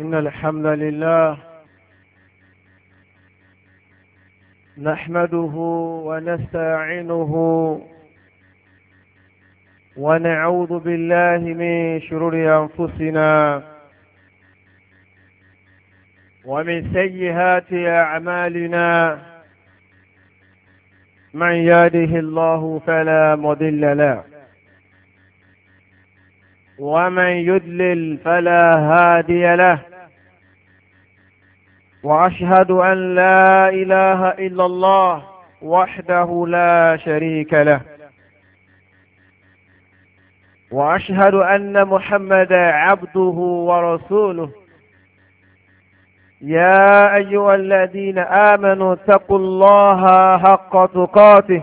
إن الحمد لله نحمده ونستعينه ونعوذ بالله من شرور أنفسنا ومن سيئات أعمالنا من يهده الله فلا مضل له ومن يدلل فلا هادي له وأشهد أن لا إله إلا الله وحده لا شريك له وأشهد أن محمد عبده ورسوله يا أيها الذين آمنوا اتقوا الله حق تقاته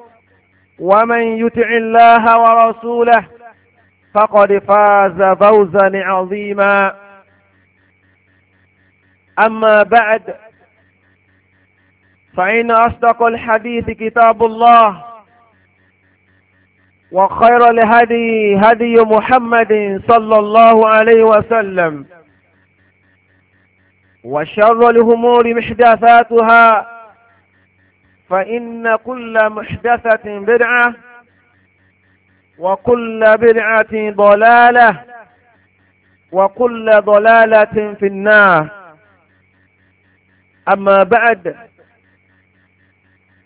ومن يطع الله ورسوله فقد فاز فوزا عظيما أما بعد فإن أصدق الحديث كتاب الله وخير الهدي هدي محمد صلى الله عليه وسلم وشر الأمور محدثاتها فإن كل محدثة بدعة وكل بدعة ضلالة وكل ضلالة في النار أما بعد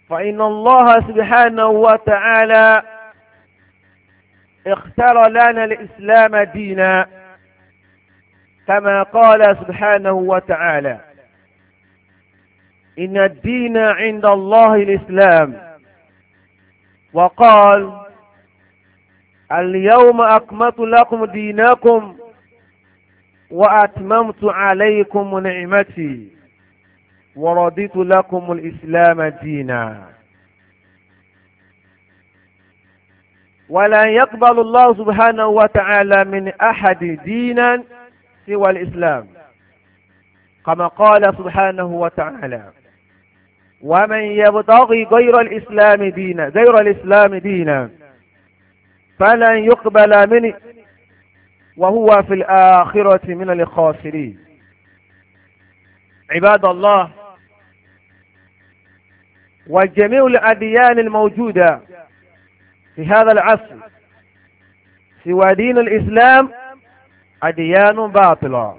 فإن الله سبحانه وتعالى اختار لنا الإسلام دينا كما قال سبحانه وتعالى إن الدين عند الله الإسلام وقال اليوم أكملت لكم دينكم وأتممت عليكم نعمتي ورضيت لكم الإسلام دينا ولا يقبل الله سبحانه وتعالى من أحد دينا سوى الإسلام كما قال سبحانه وتعالى ومن يبتغي غير الإسلام دينا غير الإسلام دينا فلن يقبل منه وهو في الآخرة من الخاسرين عباد الله وجميع الأديان الموجودة في هذا العصر سوى دين الإسلام أديان باطلة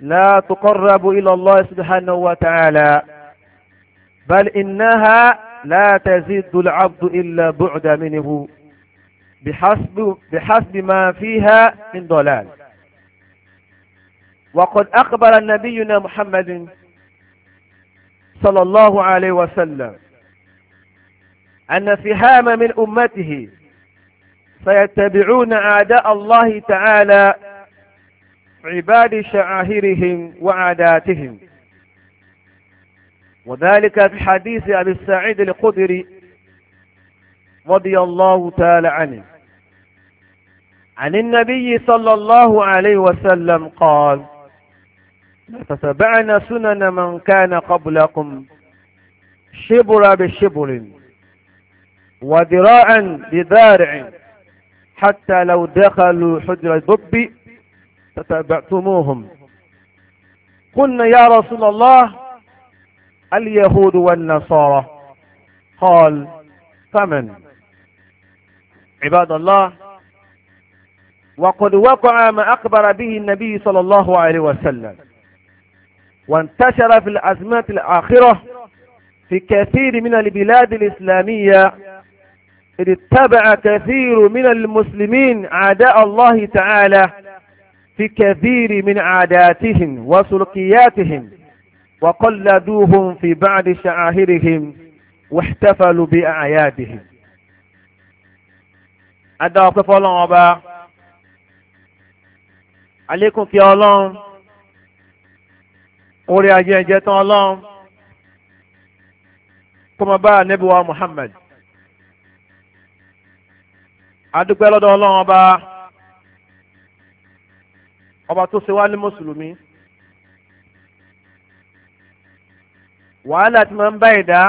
لا تقرب إلى الله سبحانه وتعالى بل إنها لا تزيد العبد إلا بعد منه بحسب, بحسب ما فيها من ضلال وقد أقبل نبينا محمد صلى الله عليه وسلم أن فهام من أمته سيتبعون أعداء الله تعالى عباد شعاهرهم وعاداتهم وذلك في حديث أبي السعيد الخدري رضي الله تعالى عنه عن النبي صلى الله عليه وسلم قال فتبعنا سنن من كان قبلكم شبر بشبر وذراعا بذارع حتى لو دخلوا حجر الضب فتبعتموهم قلنا يا رسول الله اليهود والنصارى قال فمن عباد الله وقد وقع ما أخبر به النبي صلى الله عليه وسلم وانتشر في الأزمات الآخرة في كثير من البلاد الإسلامية إذ اتبع كثير من المسلمين عداء الله تعالى في كثير من عاداتهم وسلوكياتهم وقلدوهم في بعض شعائرهم واحتفلوا بأعيادهم adá ọpẹ́ fọ́lọ́run ọba àlékún kí Ọlọ́run orí ajé ẹjẹ tán Ọlọ́run kó máa bá ànábì wa Muhammad adúpẹ́ lọ́dọ̀ Ọlọ́run ọba ọba tó ṣe wá ní mùsùlùmí. wàhálà tí máa ń bá ẹ̀dá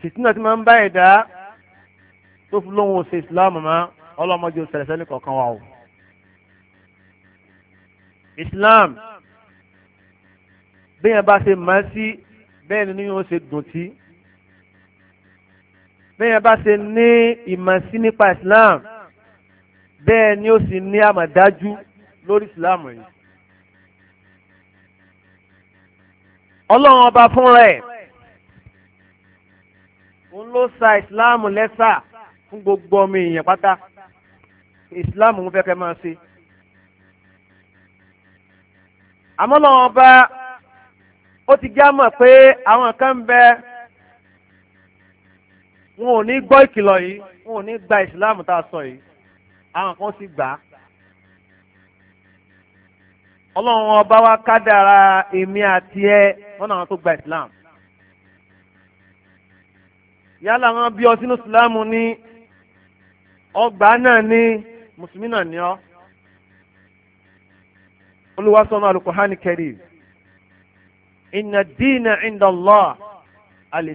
fìtínà tí máa ń bá ẹ̀dá tó fi lóhun ṣe ìsìláàmù mọ́ ọlọ́mọdé òṣèlèṣẹ́ ní kọ̀ọ̀kan wa o. islam bẹ́ẹ̀ bá ṣe máa sí bẹ́ẹ̀ ni yóò ṣe dùn tí bẹ́ẹ̀ bá ṣe ní ìmọ̀ sí nípa islam bẹ́ẹ̀ ni ó sì ní àmọ̀dájú lórí islam yìí. ọlọ́run ọba fúnra ẹ̀ òun ló sa ìsìláàmù lẹ́sà fún gbogbo ọmọ èèyàn pátá ìsìláàmù ń fẹ́ kẹ́ máa ṣe. àmọ́ ọlọ́run ọba ó ti já mọ̀ pé àwọn kan ń bẹ wọn ò ní gbọ́ ìkìlọ̀ yìí wọn ò ní gba ìsìláàmù tá a sọ yìí àwọn kan sì gbà á. ọlọ́run ọba wa emi èmi àti ẹ wọn náà tó gba islam yálà wọn bí ọ sínú islam ní ọgbà náà ní mùsùlùmí náà ní ọ olùwàsánà alukuhani kẹrì inna dina inda Allah al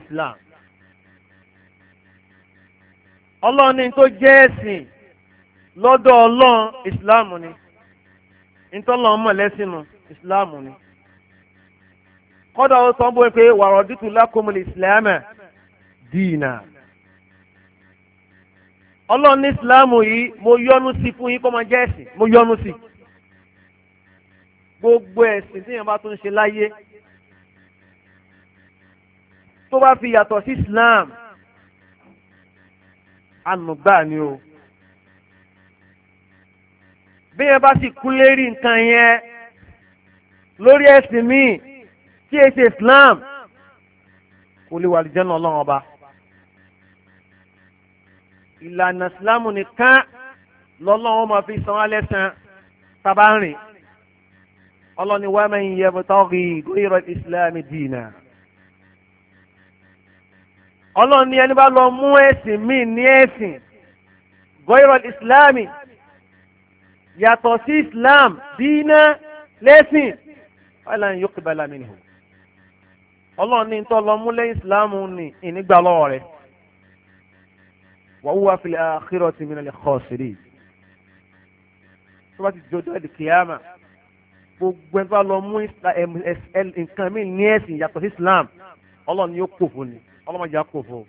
ọlọ́run ní tó jẹ́ ẹ̀sìn lọ́dọ̀ ọlọ́run islam ni. ntọ́lọ́ ọmọ lẹ́sìnù ìsìláàmù ni kọ́dà ó sọ bóyá pé wàrọ̀ dìtú lákòmùlì ìsìláàmù dìínà ọlọ́run ní ìsìláàmù yìí mo yọ́nú sí fún yín kó máa jẹ́ ẹ̀sìn mo yọ́nú sí gbogbo ẹ̀sìn tíyẹn bá tún ṣe láyé tó bá fi yàtọ̀ sí islam ànùgbà ni o bí yẹn bá sì kú lérí nǹkan yẹn lórí ẹ̀sìn míì tí e ṣe Islam kò lè wà lìjẹ́ náà ọlọ́run ọba ìlànà Islam nìkan lọ́lọ́run máa fi san alẹ́ san tábà ń rìn ọlọ́ni wàá máa ń yẹ bọ́tọ́ọ̀gì ghayra Islam dìínà ọlọ́ni ẹni bá lọ mú ẹ̀sìn míì ní ẹ̀sìn ghayra Islam yàtọ̀ sí islam dínà lẹ́sìn ọ̀làn yóò kébàlà mi nìyẹn ọlọ́run ní tọ́ lọ múlẹ̀ islam ní ìnígbà lọ́wọ́ rẹ̀ wa huwa fil akhirati minal khasirin tó bá ti jọjọ́ ẹ̀dì kìyàmà gbogbo ẹ̀ bá lọ mú nǹkan mi ní ẹ̀sìn yàtọ̀ sí islam ọlọ́run yóò kò fún ni ọlọ́run yóò kò fún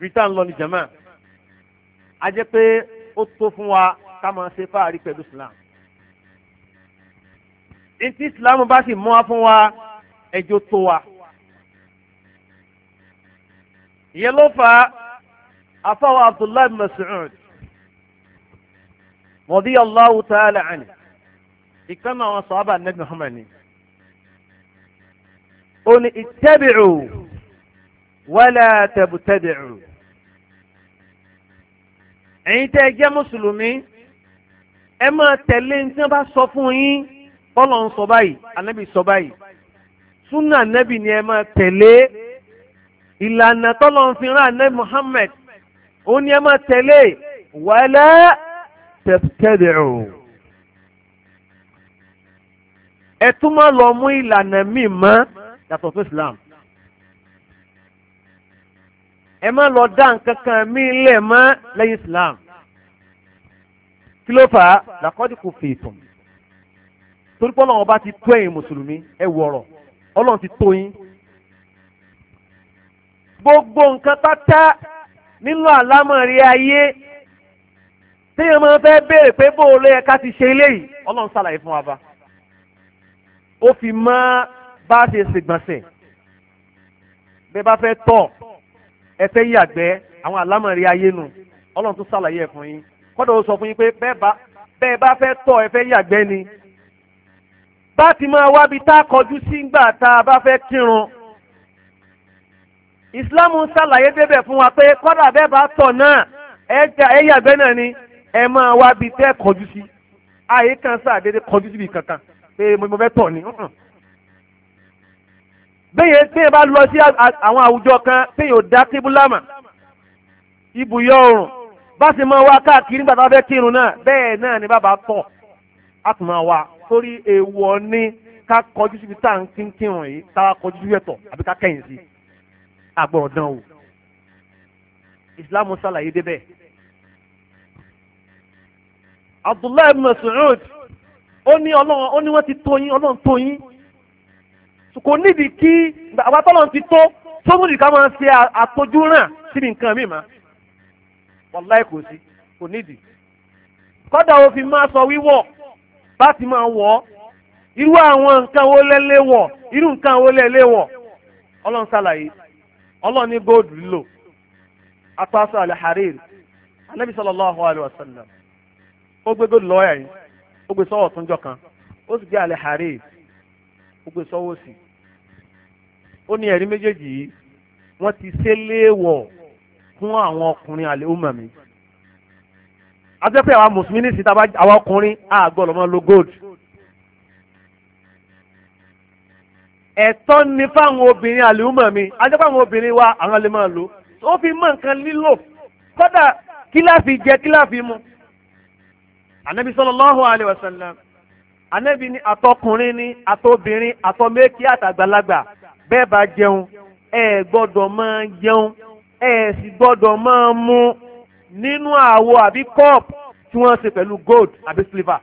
rita ń lọ ní jama a jẹ́ pé ó tó fún wa ká máa ṣe fáàrí pẹ̀lú islam etí islam bá sì mú wa fún wa ẹjọ́ tó wa ìyẹn ló fà á afáwọn abdullahi mas'ud radiyallahu ta'ala anhu ìkànnì àwọn sọ́ọ́bà muhammad ni ó ní wala tabtadi'u ẹ̀yin tẹ́ ẹ jẹ́ mùsùlùmí ẹ máa tẹ̀lé ní tí wọ́n bá sọ fún yín bọ́lọ̀ ń sọ báyìí anábì sọ báyìí súnà anábì ni ẹ máa tẹ̀lé ìlànà tọ́lọ̀ ń fi rán anábì Muhammad ó ní ẹ máa tẹ̀lé wala tabtadi'u ẹ tún máa lọ mú ìlànà míì mọ́ yàtọ̀ fún Islam ẹ má lọ dá nǹkan kan míì lẹ̀ mọ́ lẹ́yìn Islam kí ló fà á làkọ́dí kò fèsùn torí pé ọlọ́run ọba ti tó ẹ̀yin mùsùlùmí ẹ wọ̀rọ̀ ọlọ́run ti tó yín gbogbo nǹkan pátá nínú àlámọ̀rí ayé téèyàn máa fẹ́ béèrè pé bó o ló yẹ ká ti ṣe eléyìí ọlọ́run ṣàlàyé fún wa bá ó fi mọ́ bá a ṣe ṣègbọ̀nsẹ̀ bẹ́ẹ̀ bá fẹ́ tọ̀ ẹ fẹ́ yàgbẹ́ àwọn àlámọ̀rí ayé nu ọlọ́run tó ṣàlàyé ẹ̀ fún yín kọ́dọ̀ ó sọ fún yín pé bẹ́ẹ̀ bá fẹ́ tọ̀ ẹ fẹ́ yàgbẹ́ ni bá ti máa wábi tá a kọjú sí ńgbà tá a bá fẹ́ kírun ìsìláàmù ṣàlàyé débẹ̀ fún wa pé kọ́dà bẹ́ẹ̀ bá tọ̀ náà ẹ yàgbẹ́ náà ni ẹ máa wábi tẹ́ kọjú sí ààyè kan sàdédé kọjú síbi kankan pé mo fẹ́ tọ̀ ni bẹ́ẹ̀ bẹ́ẹ̀ bá lọ sí àwọn àwùjọ kan bẹ́ẹ̀ yóò dá kíbúlámà ibùyọ̀ oòrùn bá ṣe máa wá káàkiri nígbà tá a fẹ́ kírun náà bẹ́ẹ̀ náà ni bàbá tọ̀ á tún máa wá torí èèwọ̀ ni ká kọjú síbi tá à ń kí ń kírun yìí tá a kọjú síbi ẹ̀tọ̀ àbí ká kẹ́yìn sí àgbọ̀rọ̀ dán o ìsìlámù sàlàyé débẹ̀. Abdullahi ibn Mas'ud ó ní ọlọ́run ó ní wọ́n ti tó yín ọlọ́run tó yín kò nídìí kí àbátọ́lọ́run ti tó tó mú nìkan máa ṣe àtọ́jú ràn síbi nǹkan mìíràn wàláì kò sí kò nídìí kọ́dà ó fi máa sọ wíwọ̀ bá ti máa wọ̀ ọ́ irú àwọn nǹkan wo lẹ́lẹ́ wọ̀ irú nǹkan wo lẹ́lẹ́ wọ̀ ọlọ́run ṣàlàyé ọlọ́run ní góòdù lílò apáṣọ àlẹ́hàrẹ́rì anábì sallallahu alaihi wasallam ó gbé góòdù lọ́ọ̀yà yìí ó gbé sọ́wọ́ ọ̀túnjọ́ kan ó sì gbé àlẹ́hàrẹ́rì ó gbé sọ́wọ́ sí ó ní ẹ̀rí méjèèjì yìí wọ́n ti ṣe léèwọ̀ fún àwọn ọkùnrin àlè ọmọ mi àtẹ́pẹ́ àwa mùsùlùmí ní síta àwa ọkùnrin àgọ́lọ̀ mọ́ lo gold ẹ̀tọ́ ni fáwọn obìnrin àlè ọmọ mi àtẹ́pẹ́ àwọn obìnrin wa àwọn lè máa lò ó fi mọ nǹkan lílò kódà kíláàfì jẹ kíláàfì mu ànábi sallallahu alaihi wasallam ànábi ni àtọkùnrin ni àtọbìnrin àtọmẹ́kì àtàgbàlagbà bẹ́ẹ̀ bá jẹun ẹ gbọ́dọ̀ máa jẹun ẹ sì gbọ́dọ̀ máa mu nínú àwo àbí cup tí wọ́n ṣe pẹ̀lú gold àbí silver.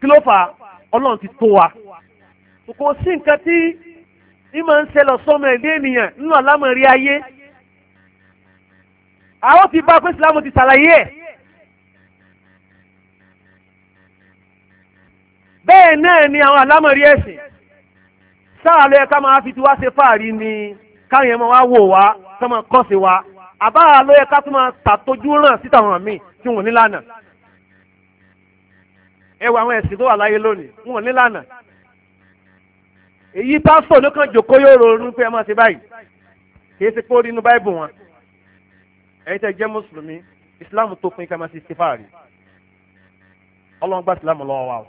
kí ló fà á ọlọ́run ti tó wa. kò sí nǹkan tí ní máa ń ṣẹlẹ̀ sọ́mọ ẹ̀dẹ́ ènìyàn nínú àlámọ̀rí ayé. àwọn ti bá pé sílámù ti ṣàlàyé ẹ̀. bẹ́ẹ̀ náà ni àwọn àlámọ̀rí ẹ̀sìn sáà ló yẹ ká máa fi tiwa ṣe fáàrí ni káwọn ẹmọ wa wò wá sọmọ kọ́sì wa àbá ló yẹ ká tún máa tàtójú ràn síta wọn mí tí wọn ní lánàá ẹ wo àwọn ẹ̀sìn tó wà láyé lónìí wọn ní lánàá èyí pásítọ̀ ló kàn jòkó yóò ronú pé ẹ máa ṣe báyìí kì ṣe pé ó rí inú báìbù wọn ẹ̀yin tẹ́ jẹ́ mùsùlùmí ìsìláàmù tó pin ká máa ọlọ́run gba ìsìláàmù lọ́wọ́ wa o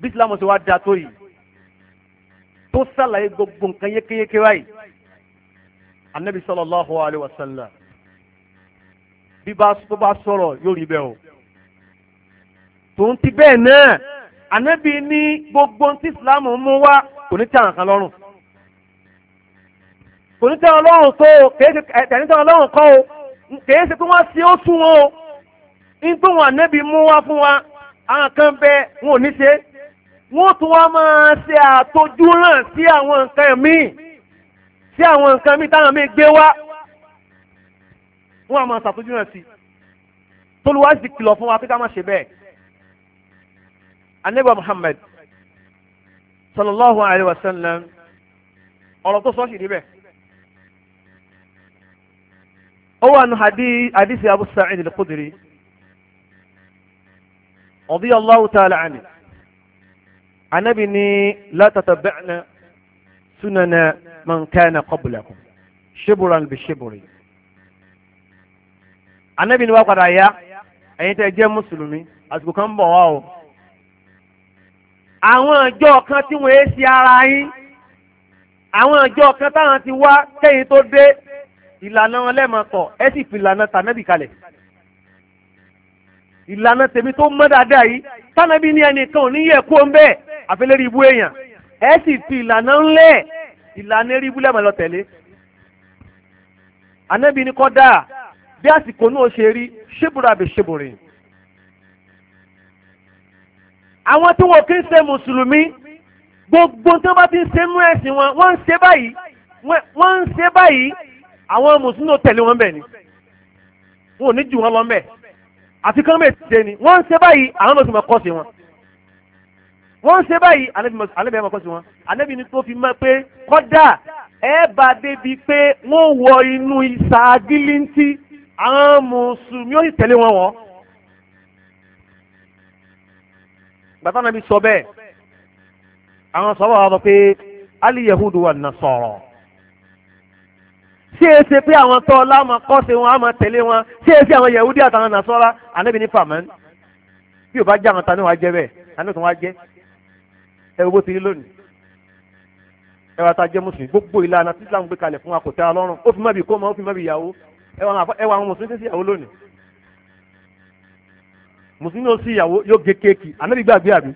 bí ìsìláàmù ṣe wá da tó yìí tó sàlàyé gbogbo nǹkan yékéyéké báyìí anabi sallallahu alayhi wa sallam bí bá tó bá sọ̀rọ̀ yóò rí bẹ́ẹ̀ o tòun ti bẹ́ẹ̀ náà anabi ní gbogbo tí islam mú wá kò ní tàn kan lọ́rùn kò ní tàn lọ́rùn tó kèé tàn lọ́rùn kọ́ o kèé ṣe wọ́n ṣe ó sún wọn o nítorí wọn anabi mú wá fún wa àwọn kan bẹ wọn ò ní ṣe é wọ́n tún wá máa ṣe àtọ́jú ràn sí àwọn nǹkan míì sí àwọn nǹkan míì táwọn míì gbé wá wọ́n á máa ṣàtọ́jú ràn sí tolúwa sì kìlọ̀ fún wa pé ká má ṣe bẹ́ẹ̀ anagba Muhammad sallallahu alayhi wa sallam ọ̀rọ̀ tó sọ́ọ̀ṣì níbẹ̀ ó wà nù hadisi Abu Sa'id al-Khudri radiyallahu ta'ala anhu anabi ni la tataba'na sunana man kana qablakum shiburan bi shiburi anabi ni wa padà ya ẹ̀yin tẹ́ jẹ́ mùsùlùmí àsìkò kan bọ̀ wá o àwọn ọjọ́ kan tí wọ́n ṣe ara yín àwọn ọjọ́ kan táwọn ti wá kẹ́yìn tó dé ìlànà wọn lẹ́mọ̀tọ̀ ẹ sì fi ìlànà tànẹ́bì kalẹ̀ ìlànà tèmi tó mọ́ dáadáa yìí tànẹ́bì ní ẹnìkan ò ní yẹ kó ń bẹ́ẹ̀ àfẹlẹ́rí ibú èèyàn ẹ sì fi ìlànà ńlẹ̀ ìlànà eré ibú lẹ́mọ̀ lọ tẹ̀lé ànábì ní kọ́dà bí àsìkò náà ṣe rí ṣébùrà bẹ ṣébùrì àwọn tí wọn kì í ṣe mùsùlùmí gbogbo tí wọn bá ti ń ṣe nú ẹ̀sìn wọn wọ́n ń ṣe báyìí wọ́n ń ṣe báyìí àwọn mùsùlùmí ò tẹ̀lé wọn bẹ̀ ni wọn ò ní jù wọn lọ mẹ́ àti kán bẹ̀ ṣe ni wọ́n ń ṣe báyìí àwọn mùsùlùmí kọ́ sí wọn wọ́n ń ṣe báyìí alẹ́bí ẹ̀mọ́ kọ́ sí wọn alẹ́bí ni tó fi mọ́ pé kọ́dà ẹ bá débi pé wọ́n wọ inú ìsà gílíntì àwọn mùsùlùmí ó sì tẹ̀lé wọn wọ́n. bàtà nàbí sọ bẹ́ẹ̀ àwọn sọ́wọ́ wa sọ pé ali yahudu wa nasara ṣé é ṣe pé àwọn tọ́ láwọn kọ́ sí wọn àmọ́ tẹ̀lé wọn ṣé é ṣe àwọn yahudi àtàwọn nasara alẹ́bí ní fàmẹ́ bí o bá jẹ́ àwọn ta wàá jẹ́ bẹ́ẹ̀ ta ni wàá jẹ́ ẹ̀rọ bó ti rí lónìí gbogbo ìlànà tí Islam gbé kalẹ̀ fún wa kò tẹ́ ọlọ́run bi kó ma ó bi ìyàwó ẹwà àwọn mùsùlùmí sí ìyàwó lónìí mùsùlùmí ó sí ìyàwó yóò gé kéèkì ànábì gbàgbé àbí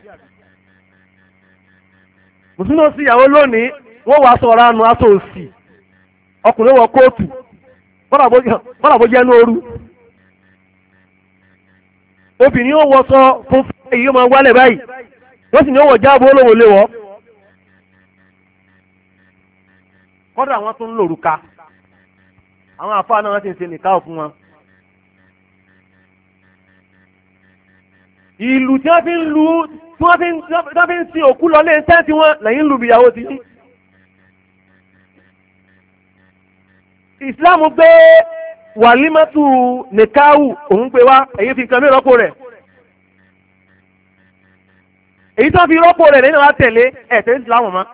mùsùlùmí ó sí ìyàwó lónìí wọ́n wàá sọ̀rọ̀ aṣọ òsì ọkùnrin wọ kóòtù bọ́dà bó jẹ́ obìnrin ó fún fún wọ́n sì ní ọwọ́ jáàbù olówó lé wọ́ kọ́dọ̀ àwọn tó ń lòrùka àwọn àfáà náà wọ́n ti ń ṣe nìkáwọ̀ fún wọn. ìlú tí wọ́n fi ń lu tí wọ́n fi ń tí sin òkú lọ lé iṣẹ́ tí wọ́n lẹ́yìn lu ìyàwó ti yín. ìsìláàmù gbé wàlímọ́tù nìkáwù òun pé wá èyí fi nǹkan mìíràn kó rẹ̀ èyí tó fi rọ́pò rẹ̀ lẹ́yìn wa tẹ̀lé ẹ̀tẹ́ ìsìláàmù mọ́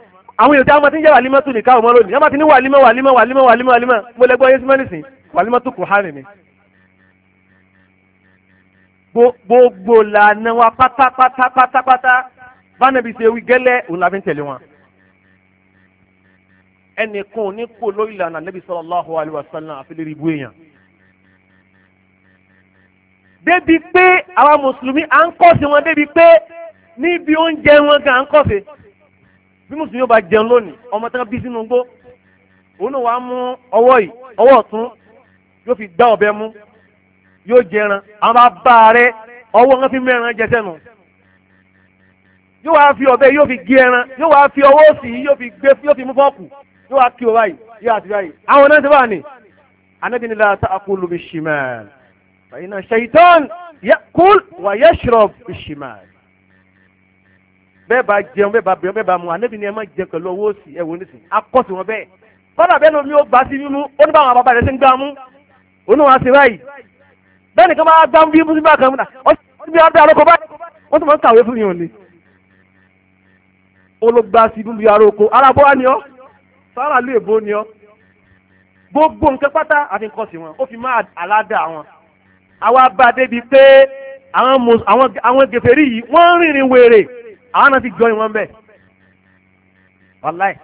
àwọn èèyàn tí a máa ti ń jẹ́ wàlímọ́ tù nìkan ọmọ lónìí a máa ti ní wàlímọ́ wàlímọ́ wàlímọ́ wàlímọ́ wàlímọ́ mo lẹ́gbọ́ yé símẹ́lì sìn wàlímọ́ tó kù hánì ni. gbogbo lànà wa pátápátápátápátá bánàbí ṣe wí gẹ́lẹ́ òun la fi ń tẹ̀lé wọn. ẹnìkan ní kò lórí ìlànà Nabi sallallahu alaihi wasallam àfi lè rí ibú èèyàn. débi pé àwọn mùsùlùmí à ń kọ́ sí wọn débi pé níbi oúnjẹ wọn gan ń kọ̀fẹ́ bí mùsùlùmí yóò bá jẹun lónìí ọmọ tán bí sínú gbó òun náà wàá mú ọwọ́ yìí ọwọ́ ọ̀tún yóò fi gbá ọ̀bẹ mú yóò jẹran àwọn bá bá a rẹ ọwọ́ wọn fi mẹ́ran jẹ sẹ́nu yóò wá fi ọ̀bẹ yóò fi gé ẹran yóò wá fi ọwọ́ òsì yóò fi gbé yóò fi mú fọ́ọ̀kù yóò wá kí o báyìí yóò àti báyìí àwọn náà ti wà ní anabi ni la ta'kulu bishimal fa inna shaytan ya'kul wa yashrab bishimal bẹ́ẹ̀ bá jẹun bẹ́ẹ̀ bá bẹ̀rẹ̀ bẹ́ẹ̀ bá mu ànábì ni ẹ má jẹun pẹ̀lú ọwọ́ òsì ẹ wò ní sìn akọ́sì wọn bẹ́ẹ̀ bọ́dà bẹ́ẹ̀ lomi ó bá sí mímú ó ní báwọn bàbá rẹ̀ ṣe ń gbá mú òun náà wá sí báyìí bẹ́ẹ̀ nìkan máa gbá bí mùsùlùmí àkàn múna ọtí bí arúgbó àlọ́kọ báyìí wọ́n tún máa ń kàwé fún yìí òní. olùgbà sí bí arúgbó arábó wa ni ọ́ sára lè bó ni ọ́ gbogbo nǹkan pátá àti nǹkan wọn ó fi máa aládà wọn àwa bá débi pé àwọn gèfèrí yìí wọ́n rìnrìn wèrè àwọn náà ti jọ ìwọ̀n bẹ́ẹ̀ wàláì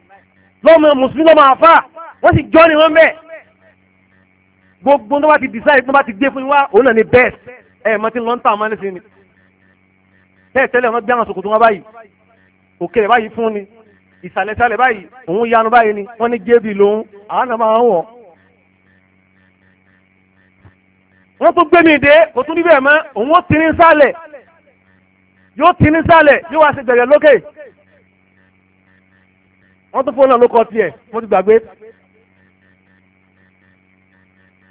lọ́mọ mùsùlùmí lọ́mọ àfà wọ́n sì jọ ìwọ̀n bẹ́ẹ̀ gbogbo tó bá ti design tó bá ti gbé fún wa òun náà ni best ẹ mọ tí ń lọ ń tà ọmọ nísìnyí ni bẹ́ẹ̀ tẹ́lẹ̀ wọn gbé àwọn sòkòtò wọn báyìí òkèlè báyìí fún ni ìsàlẹ̀sàlẹ̀ báyìí òun yanu báyìí ni wọ́n ní jébì lòun àwọn náà máa ń wọ̀. wọ́n tún gbé mi dé kò tún níbẹ̀ mọ́ òun ó ti ní sálẹ̀ yóò ti nísàlẹ̀ yóò wá sí gbẹ̀rẹ̀ lókè wọ́n tún fóònù lókọ tiẹ̀ mo ti gbàgbé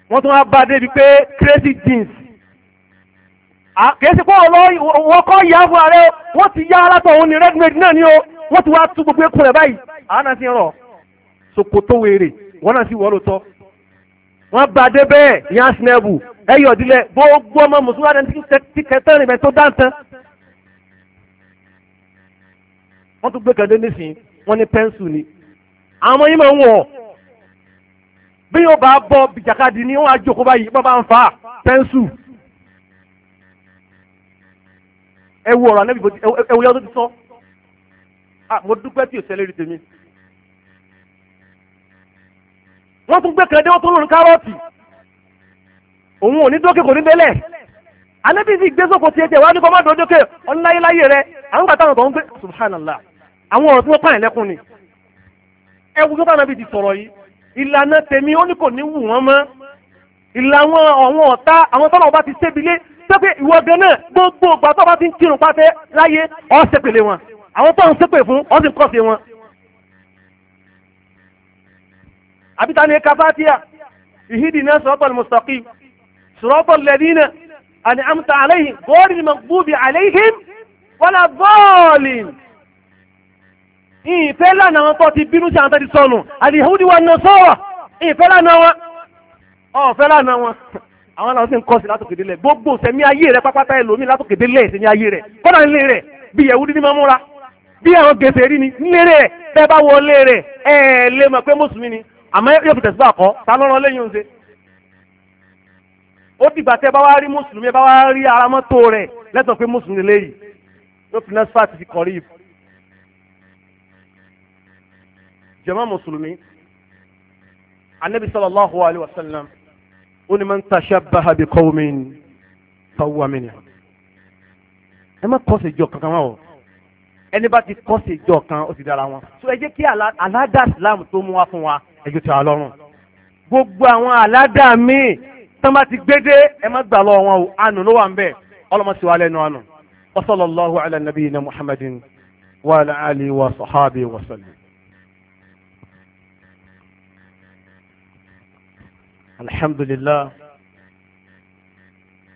wọ́n tún wá bá débi pé crazy jeans kèésì pé wọ́n kọ́ ìyá fún ààrẹ wọ́n ti yá alátọ̀ òun ní redmade náà ni o wọ́n ti wá tú gbogbo ẹkùn rẹ̀ báyìí àwọn náà ti rọ̀ ṣòkòtò wèrè wọ́n náà sì wọ́ ló tọ́ wọ́n bá dé bẹ́ẹ̀ yán sinẹ́bù ẹ̀yọ̀ ìdílé gbogbo ọmọ mùsùlùmí tí kẹtẹ́rìn mẹ́tọ́ dáńtán wọ́n tún gbé kàdé nísìnyí wọ́n ní pẹ́ńsù ni àwọn ọmọ yín máa ń wọ̀ bí yóò bá bọ́ bìjàkadì ni wọ́n á jókòó báyìí bọ́ bá ń fa pẹ́ńsù ẹ wo ọ̀rọ̀ anábì ẹ wo yàrá tó ti sọ mo dúpẹ́ tí o sẹ́lẹ̀ rí tèmi wọ́n tún gbé kàdé wọ́n tún lòrùn kárọ̀tì òun ò ní dókè kò ní délẹ̀ anábì sì gbé sóko tiẹ̀ tiẹ̀ wá ní kọ́ má dókè ọ̀nláyéláyé rẹ̀ àwọn gbàtà àwọn tó ń gbé subhanallah àwọn ọ̀rọ̀ tí wọ́n pààyàn lẹ́kùn ni ẹ wo gbọ́dọ̀ nàbí ti sọ̀rọ̀ yìí ìlànà tèmi ó ní kò ní wù wọ́n mọ́ ìlànà àwọn ọ̀tá àwọn tọ́lọ̀ ọba ti sébilé sẹ́pẹ́ ìwọ ọdẹ náà gbogbo ìgbà tó ti ń kírun pátẹ́ láyé ọ́ wọn àwọn tó ń sẹ́pẹ̀ fún ọ́ sì ń kọ́sẹ̀ wọn. àbíta ni kafatia ìhídì náà sọ́pọ̀lù mùsọ̀kì sọ́pọ̀lù lẹ́dínà àni àmta ìfẹ́ lànà wọn tó ti bínú sí àwọn tó ti sọnù àdìhúdí wa nà sọ́wọ́ ìfẹ́ lànà wọn wọn àwọn làwọn sì ń kọ́ látòkè délẹ̀ gbogbo sẹ́mi ayé rẹ pápátá ẹ lómi látòkè délẹ̀ sẹ́mi ayé rẹ kọ́nà nílé rẹ bí yẹ̀wúdí ní mọ́múra bí àwọn gèsè rí ni nílé rẹ bẹ́ẹ̀ bá wọlé rẹ pé mùsùlùmí ni àmọ́ yóò fi tẹ̀síwá kọ́ ta lọ́rọ́ lẹ́yìn oúnjẹ. ó dìgbà bá wá rí mùsùlùmí bá wá jama mùsùlùmí anabi sallallahu alayhi wa sallam ó ní man tashabbaha bi qawmin fahuwa minhum ẹ má kọ́ sí ìjọ kankan wọn o ẹni bá ti kọ́ sí ìjọ kan ó ti dára wọn so ẹ jẹ́ kí aládà islam tó mú wá fún wa ẹ jù tí a lọ́rùn gbogbo àwọn aládà míì tán bá ti gbédé ẹ má gbà lọ wọn o àánú ló wà ń bẹ ọlọmọsí wa lẹnu àánú wa sallallahu ala nabiyina muhammadin wa ala alihi wa sahabi wa sallam. الحمد لله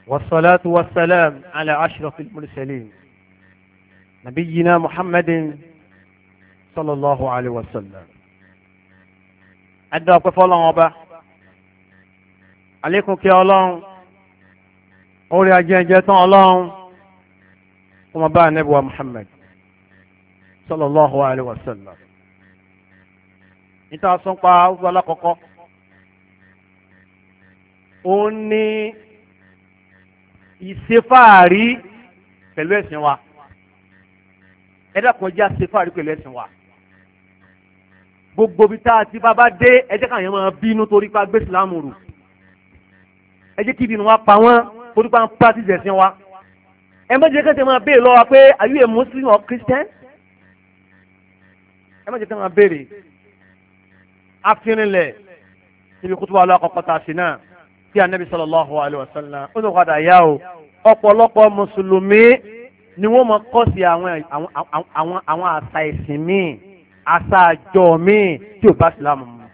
والصلاة والسلام على أشرف المرسلين نبينا محمد صلى الله عليه وسلم أدعوك فالله أبا عليكم كي الله أولي أجين جيتان الله وما بقى نبوة محمد صلى الله عليه وسلم انت أصنقى أولا قوقع òun ni ìṣefáàrí pẹ̀lú ẹ̀sìn wa ẹ dákun ẹjẹ́ àṣefáàrí pẹ̀lú ẹ̀sìn wa gbogbo bí tá a ti bá bá dé ẹ jẹ́ káwọn yẹn máa bínú torí pa gbé ìsìlámù rù ẹ jẹ́ kí ìbínú pa wọ́n torí pa ń pàtìsì ẹ̀sìn wa ẹ má jẹ́ máa béèrè lọ́wọ́ pé are you a muslim or christian ẹ má jẹ́ kí ẹ máa béèrè afinilẹ̀ níbi kótó wa lọ́kọ̀ọ́kọ́ tá tí anabi sallallahu alayhi wa sallam ó ní padà yá o ọ̀pọ̀lọpọ̀ mùsùlùmí ni wọ́n mọ kọ́ sí àwọn àṣà ẹ̀sìn míì àṣà àjọ míì tí ò bá sílámù mu.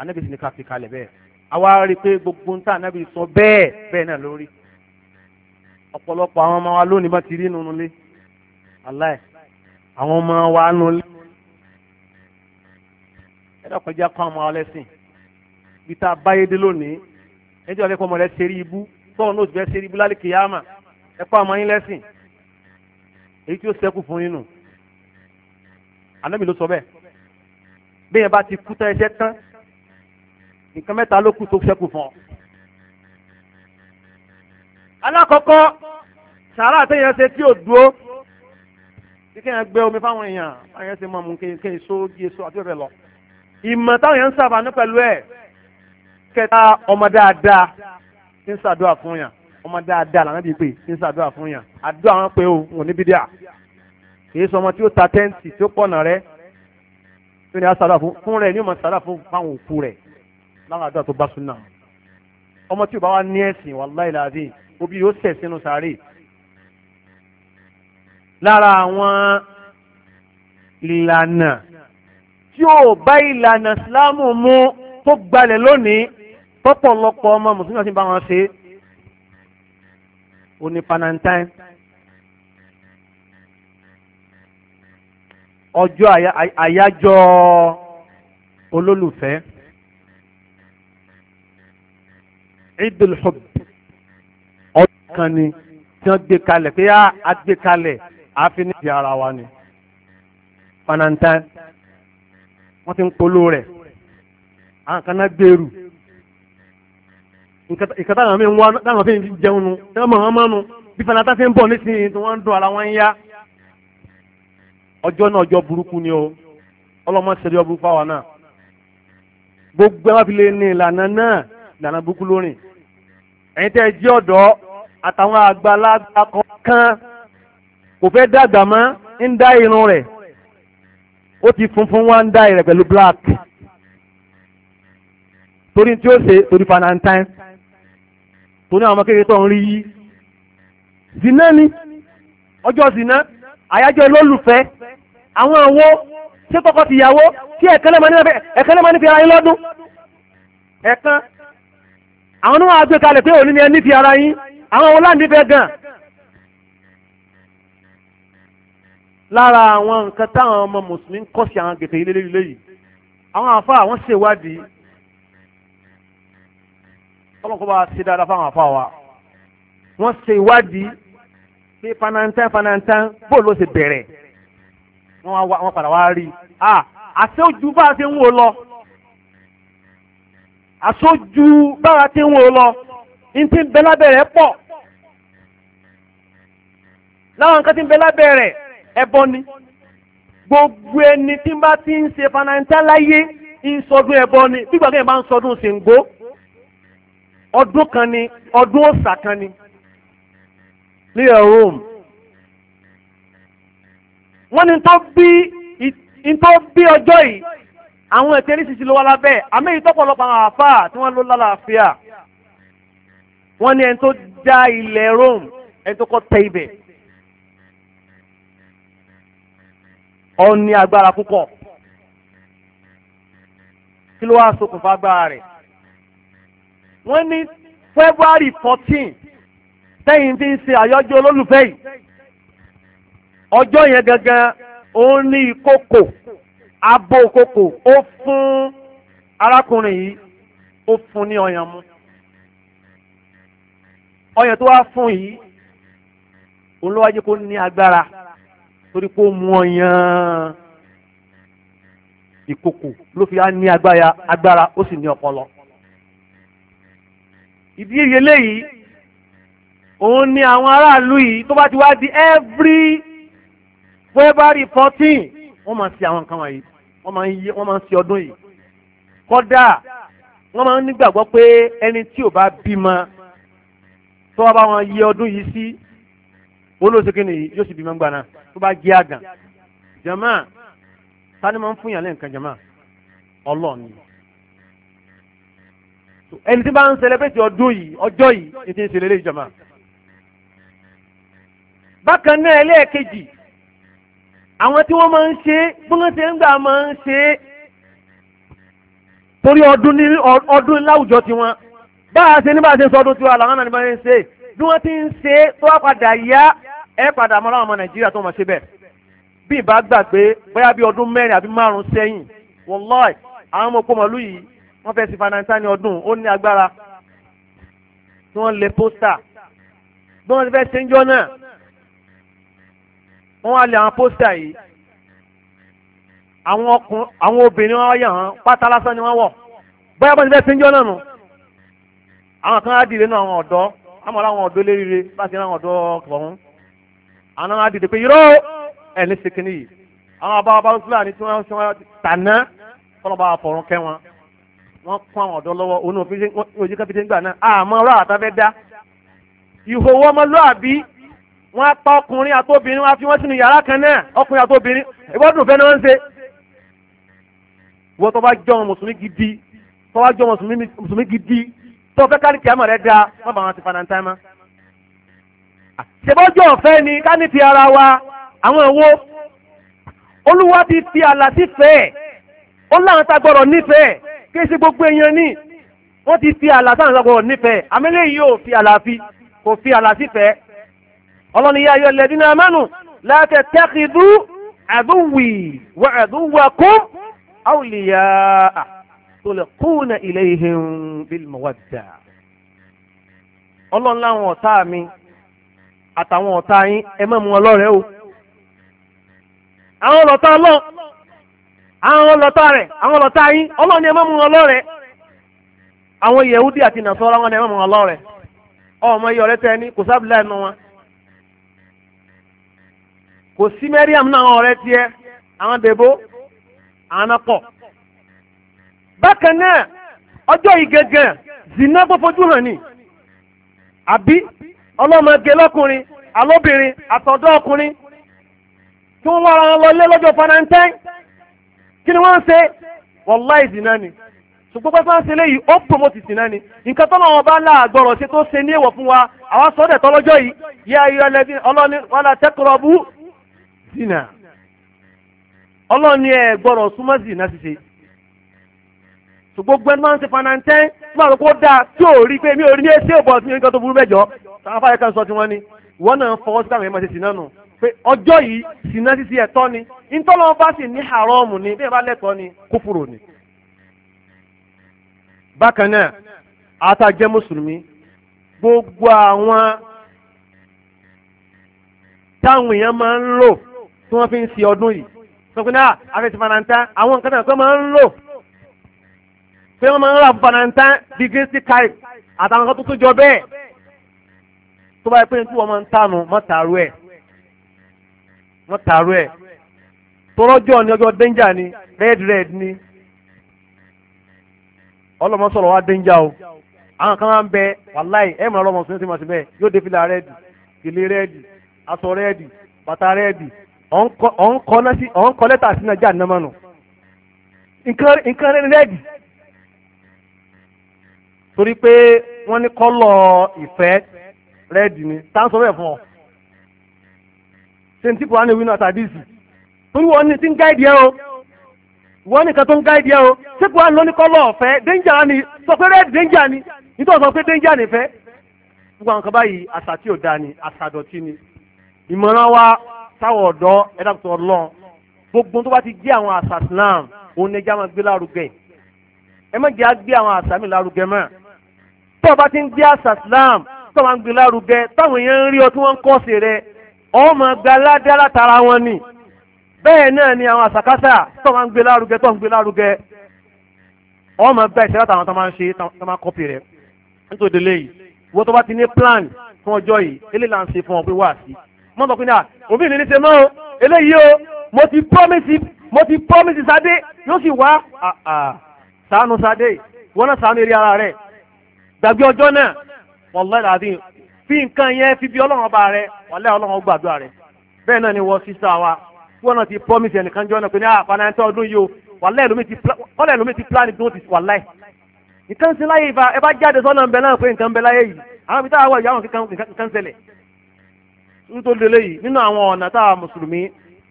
anabi sì ní ká fi kalẹ̀ bẹ́ẹ̀ àwa rí i pé gbogbo ń tà anabi sọ bẹ́ẹ̀ bẹ́ẹ̀ náà lórí ọ̀pọ̀lọpọ̀ àwọn ọmọ wa lónìí bá ti rí nínú ilé aláì àwọn ọmọ wa nínú ilé ẹ̀dá kọ́ ọmọ wa bí tá a báyé dé lónìí ẹjọ́ ọ̀rẹ́ kọ́ ọmọ rẹ ṣeré ibú tọ́wọ́n náà ti fẹ́ ṣeré ibú lálẹ́ kìyàmà ẹ kọ́ àmọ́ yín lẹ́sìn èyí tí ó ṣẹ́kù fún yín nù anábì ló sọ bẹ́ẹ̀ bí yẹn bá ti kú tán ẹṣẹ́ tán nǹkan mẹ́ta ló kù tó ṣẹ́kù fún ọ. alákọ̀ọ́kọ́ sàárà àtẹ̀yẹ ṣe tí ò dúró tí kéèyàn gbé omi fáwọn èèyàn àwọn èèyàn ṣe mọ̀ mú kéèyàn só gé so àti bẹ́ẹ̀ lọ ìmọ̀ táwọn èèyàn ń sàbà ní pẹ̀lú ẹ̀ kẹta ọmọ dáadáa tí ń ṣàdúrà fún yàn ọmọ dáadáa làwọn ti pè tí ń ṣàdúrà fún yàn àdúrà wọn pé o wọn níbi díà kìí sọ ọmọ tí ó ta tẹ́ǹtì tí ó pọ̀nà rẹ tí ó ní àṣàdúrà fún fún rẹ ní ọmọ ṣàdúrà fún fáwọn òkú rẹ láwọn àdúrà tó bá súnà ọmọ tí ò bá wá ní ẹ̀sìn wàláì làbí òbí yóò sẹ̀ sínú sàárè lára àwọn ìlànà tí ò bá ìlànà ìsìlámù mú tó gbalẹ̀ lónìí tọ́pọ̀lọpọ̀ ọmọ mùsùlùmí ọ̀sìn bá wọn ṣe ó ní panantain ọjọ́ àyájọ́ olólùfẹ́ idul hub ọdún kan ni tí wọ́n gbé kalẹ̀ pé a gbé kalẹ̀ àfi ní ìdí ara wa ni panantain wọ́n ti ń polo rẹ̀ àwọn kan náà gbèrú. nǹkan táwọn mi ń wá táwọn fi ń jẹun nu táwọn mọ̀ wọ́n mọ́ nu ń nísìnyí tí ń dún ara wọn ń yá ọjọ́ náà ọjọ́ burúkú ni o ọlọ́mọ ṣẹlẹ̀ ọburú fáwọn náà gbogbo ẹwà fi ní ìlànà náà ìlànà burúkú lórin ẹ̀yin tẹ́ ẹ jẹ́ ọ̀dọ́ àtàwọn àgbàlagbà kan kò fẹ́ dàgbà mọ́ ń dá irun rẹ̀ ó ti funfun wá ń dá pẹ̀lú black torí tí ó tó ní àwọn kékeré tó ń rí yí zina ni ọjọ́ zina àyájọ́ olólùfẹ́ àwọn àwo ṣé kọ́kọ́ ti yàwó kí ẹ̀kẹ́lẹ́ máa ní fi ara yín lọ́dún ẹ̀kan àwọn náà wà gbé kalẹ̀ pé òní ni ẹ ní fi ara yín àwọn ọlá nífẹ̀ẹ́ gan lára àwọn nǹkan táwọn ọmọ mùsùlùmí ń kọ́ sí àwọn gẹ̀tẹ̀ ilé yìí àwọn àfáà wọ́n ṣèwádìí ọlọ́kọ́ bá ṣe dáadáa fáwọn afá wa wọ́n ṣe ìwádìí pé fanantan fanantan bó ló ṣe bẹ̀rẹ̀ wọ́n padà wá rí i à àṣojú bá a ṣe ń wò lọ àṣojú bá a ṣe ń wò lọ n ti bẹ lábẹ́rẹ́ pọ̀ láwọn nǹkan ti bẹ lábẹ́rẹ́ ẹbọ ni gbogbo ẹni tí n bá ti ń ṣe fanantan láyé ń sọdún ẹbọ ni bí gbàgbé yẹn bá ń sọdún ṣèǹgó ọdún kan ni ọdún òòṣà kan ni ní Rome wọ́n ní tó bí tó bí ọjọ́ yìí àwọn ẹ̀tẹ́ ní sisi ló wá lábẹ́ àmì ìtọ́pọ̀lọpọ̀ àwọn àfáà tí wọ́n ló lálàáfíà wọ́n ní ẹni tó já ilẹ̀ Rome ẹni tó kọ́ tẹ ibẹ̀ ó ní agbára púpọ̀ kí ló wá ṣokùnfà agbára rẹ̀ wọ́n ní February fourteen tẹ́yìn tí ń ṣe àyájọ́ olólùfẹ́ yìí ọjọ́ yẹn gangan òun ní ìkókò abo ìkókò ó fún arákùnrin yìí ó fún ní ọyàn mu ọyàn tó wá fún yìí òun ló wá jẹ́ kó ní agbára torí kó mu ọyàn ìkókò ló fi á ní agbára ó sì ní ọpọlọ ìdíyelé yìí òun ni àwọn aráàlú yìí tó bá ti wá di every February fourteen wọ́n máa ṣe àwọn nǹkan wọ̀nyí wọ́n máa ń yí wọ́n máa ń ṣe ọdún yìí kódà wọ́n máa ń nígbàgbọ́ pé ẹni tí ò bá bímọ tó bá wọn yí ọdún yìí sí olóṣèké nìyí yóò sì bímọ gbà náà tó bá gé àgàn jàmáà tani máa ń fún yàn lẹ́ǹkan jàmáà ọlọ́ọ̀ni ẹni tí bá ń sẹlẹbẹtì ọdún yìí ọjọ́ yìí ní ti ń ṣe lélẹ́yìí jọ̀mọ́. bákan náà ẹlẹ́ẹ̀kejì àwọn tí wọ́n máa ń ṣe gbọ́ngàn tí ń gbà máa ń ṣe torí ọdún ní ọdún láwùjọ tiwọn bá a ṣe ní bá a ṣe ń sọ ọdún tiwa làwọn náà ní bá a ṣe ń ṣe bí wọ́n ti ń ṣe tó wá padà yá ẹ padà mọ́ láwọn ọmọ nàìjíríà tó máa ṣe bẹ́ẹ̀ bí ìbá gbàgbé bóyá bí ọdún mẹ́rin àbí márùn-ún sẹ́yìn wọ́n lọ́ọ̀ àwọn ọmọ òpó màlúù yìí wọ́n fẹ́ sí fanata ní ọdún ó ní agbára tí wọ́n lè pósítà bí wọ́n ti fẹ́ ṣe ń jọ náà wọ́n wá lé àwọn pósítà yìí àwọn ọkùnrin àwọn obìnrin wọn yàn án pátá lásán ni wọ́n wọ̀ bóyá bọ́n ti fẹ́ ṣe ń jọ náà nù àwọn kan á dìde náà àwọn ọ̀dọ́ àmọ́ láwọn ọ̀dọ́ léríire bá ti ráwọn ọ̀dọ́ ọ̀hún àwọn á dìde pé yìí ró ẹ̀ ní sèkínì yìí àwọn abáwọ́ bá ń fúlàní tí wọ́n tàná kọ́nà bá fọ̀rùn kẹ́ wọ́n kún àwọn ọ̀dọ́ lọ́wọ́ onú ojú káfíńtì ń gbà náà àmọ́ ọ̀rọ̀ àtàfẹ́ dá ìhòòhò ọmọlúàbí wọ́n á pa ọkùnrin àtobìnrin wọ́n á fi wọ́n sínú yàrá kan náà ọkùnrin àtobìnrin ìwọ́dùn fẹ́ ni wọ́n ń ṣe. wọ́n tó bá jọ ọmọ mùsùlùmí gidi tó bá jọ ọmọ mùsùlùmí gidi tó fẹ́ káàdì kìámọ̀ rẹ̀ dáa wọ́n bá wọn ti fana táìmá. ṣèbọ́jọ́ ọ̀fẹ́ ni ká ní ti ara wa àwọn èwo olúwa ti fi àlà ó láwọn tá gbọ́dọ̀ nífẹ̀ẹ́ kéèsì gbogbo èèyàn ní wọ́n ti fi àlà sáà sọ́kọ̀ nífẹ̀ẹ́ àmẹ́lẹ́ yìí ò fi àlà fi kò fi àlà sífẹ̀ẹ́ ọlọ́ni yá ayọ́ lẹ́dínà amánu láti tẹ́kìdú àdúwì wà àdúwàkún àwùlíyà tó lè kúnà ilé ihun bílmọ̀wádà ọlọ́run láwọn ọ̀tá mi àtàwọn ọ̀tá yín ẹ má mú ọlọ́rẹ́ o àwọn ọ̀tá ọlọ́run àwọn ọlọ́tà rẹ̀ àwọn ọlọ́tà yín ọlọ́run ni ẹ má mú àwọn yẹ̀húdí àti nàṣọ́ra wọn ni ẹ ọmọ iye ọ̀rẹ́ tẹni kò sábìlà ẹnu wọn kò sí mẹ́ríàm náà ọ̀rẹ́ tiẹ̀ àwọn dèbó àwọn akọ. bákan náà ọjọ́ yìí gẹ́gẹ́ zina gbọ́fojú hàn ni àbí ọlọ́mọge lọ́kùnrin alóbìnrin àtọ̀dọ́ ọkùnrin tí wọ́n wá ara wọn kí ni wọ́n ń ṣe wàláì zina ni ṣùgbọ́n pẹ́ fún ṣẹlẹ̀ yìí ó promote zina ni nǹkan tọ́lọ́ wọn bá láàgbọ̀rọ̀ ṣe tó ṣe ní èèwọ̀ fún wa àwa sọ dẹ̀ tọ́lọ́jọ́ yìí yá ayé ọlẹ́bí ọlọ́ni wàlá taqrabu zina ọlọ́ni ẹ̀ gbọ́rọ̀ súnmọ́ zina ṣiṣẹ́ ṣùgbọ́n gbẹ́ni máa ń ṣe fanantẹ́ tí wàá kó dáa rí pé mi ò rí ní ẹsẹ̀ òbọ̀ tí mi nǹkan tó kan sọ tí wọ́n ní ìwọ náà fọwọ́ sí pé ọjọ́ yìí sìnà sísí ẹ̀tọ́ ni ntọ́lọ́wọ́ bá sì ní haramu ni bẹ́ẹ̀ bá lẹ́tọ́ ni kúfúrò ni. bákan náà àtàjẹ́ mùsùlùmí gbogbo àwọn táwọn èèyàn máa ń lò tí wọ́n fi ń ṣe ọdún yìí sọ̀kúnná àfẹsẹ̀ fanata àwọn nǹkan tó máa ń lò pé wọ́n máa ń ra fanata bíi gírísì káì àtàwọn kan tó tún jọ bẹ́ẹ̀ tó bá yẹ pé nítorí wọ́n máa ń tánu mọ́tàrú ẹ̀. wọ́n tààrọ ẹ̀ tọrọjọ́ ni ọjọ́ danger ni red red ni ọlọ́mọ sọ̀rọ̀ wá danger o àwọn kan máa ń bẹ wàláì ẹ̀ mọ̀ ọlọ́mọ sọ̀rọ̀ sí màsí bẹ́ẹ̀ yóò dé fìlà red aṣọ bàtà ṣe ní tí wí náà tàbí ìsì torí wọn ní tí ń gáìdì ẹ o wọn nìkan tó ń gáìdì ẹ o ṣé kùránì ló ní kọ́lọ̀ ọ̀fẹ́ dẹ́njà ni sọ pé rẹ́ẹ̀dì dẹ́njà ni nítorí sọ pé dẹ́njà nìfẹ́ gbogbo àwọn kan báyìí àṣà tí ò da ni àṣà dọ̀tí ni ìmọ̀ràn wa táwọn ọ̀dọ́ ẹ̀dàkùtọ̀ lọ gbogbo tó bá ti jẹ́ àwọn àṣà Islam òun ni ẹja máa gbé lárugẹ ẹ má jẹ́ á gbé àwọn àṣà mi lárugẹ mọ́ tó o bá ti ń gbé àṣà Islam tó o máa ń gbé lárugẹ táwọn èèyàn ń rí ọ tí wọ́n ń kọ́ sí rẹ ó máa gba ládé látara wọn ni bẹ́ẹ̀ náà ni àwọn àṣàkáṣà tó máa ń gbé lárugẹ tó ń gbé lárugẹ ó máa gba ìṣẹ́ tó máa ń ṣe tó máa kọ́pì rẹ̀ nítorí délé yìí wọ́n tó bá ti ní plan fún ọjọ́ yìí eléyìí là ń ṣe fún ọ pé wá sí i mọ́tò pínlẹ̀ òbí mi ní ṣe mọ́ o eléyìí o mo ti promise mo ti promise Sadé yóò sì wá ṣàánú Sadé wọn náà ṣàánú eré ara rẹ̀ gbàgbé ọjọ́ náà wọ́n lọ́ọ́ wàlẹ́ ọlọ́run gbàdúrà rẹ̀ bẹ́ẹ̀ náà ni wọ́n sísá wa tí wọ́n ti promise ẹnìkan jọ náà pé ní ah, àpánáyẹ́ntọ́ ọdún yìí o wàlẹ́ ẹlòmí ti plan bí wọ́n ti wàlẹ́ nǹkan sí láyé ìfà ẹ bá jáde sọ́nà ń bẹ náà pé nǹkan ń bẹ láyé yìí àwọn ibi táwa wà yìí àwọn nǹkan ṣẹlẹ̀ nítorí délé yìí nínú àwọn ọ̀nà táwa mùsùlùmí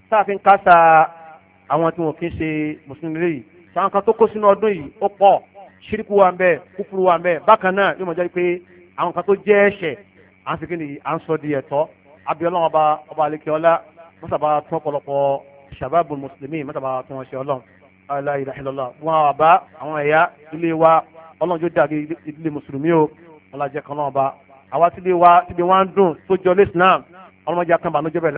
táà fi ń kásá àwọn tí wọn kì í ṣe mùsùlùmí lè yìí sàwọn kan tó kó sínú ọdún yìí ó pọ̀ ṣíríkù wa ń bẹ wa ń bákan náà yóò mọ̀ jẹ́ pé àwọn kan tó jẹ́ ẹ̀ṣẹ̀ à ń fi kí ni à ń sọ di ẹ̀tọ́ abiyọlọ́wọ́n ọba ọba alekeola mọ́sàbá tún ọ̀pọ̀lọpọ̀ sàbábù mùsùlùmí mọ́sàbá tún ọ̀ṣẹ́ ọlọ́run aláìláhìlọ́lá wọn àbá àwọn ẹ̀yà ilé wa ọlọ́run jó dàbí ìdílé mùsùlùmí o ọlọ́jẹ́ kan náà ọba àwa tílé wa tíbi wọn ń dùn tó jọ lẹ́sìn náà ọlọ́mọdé akànbà ló jẹ́ bẹ̀rẹ̀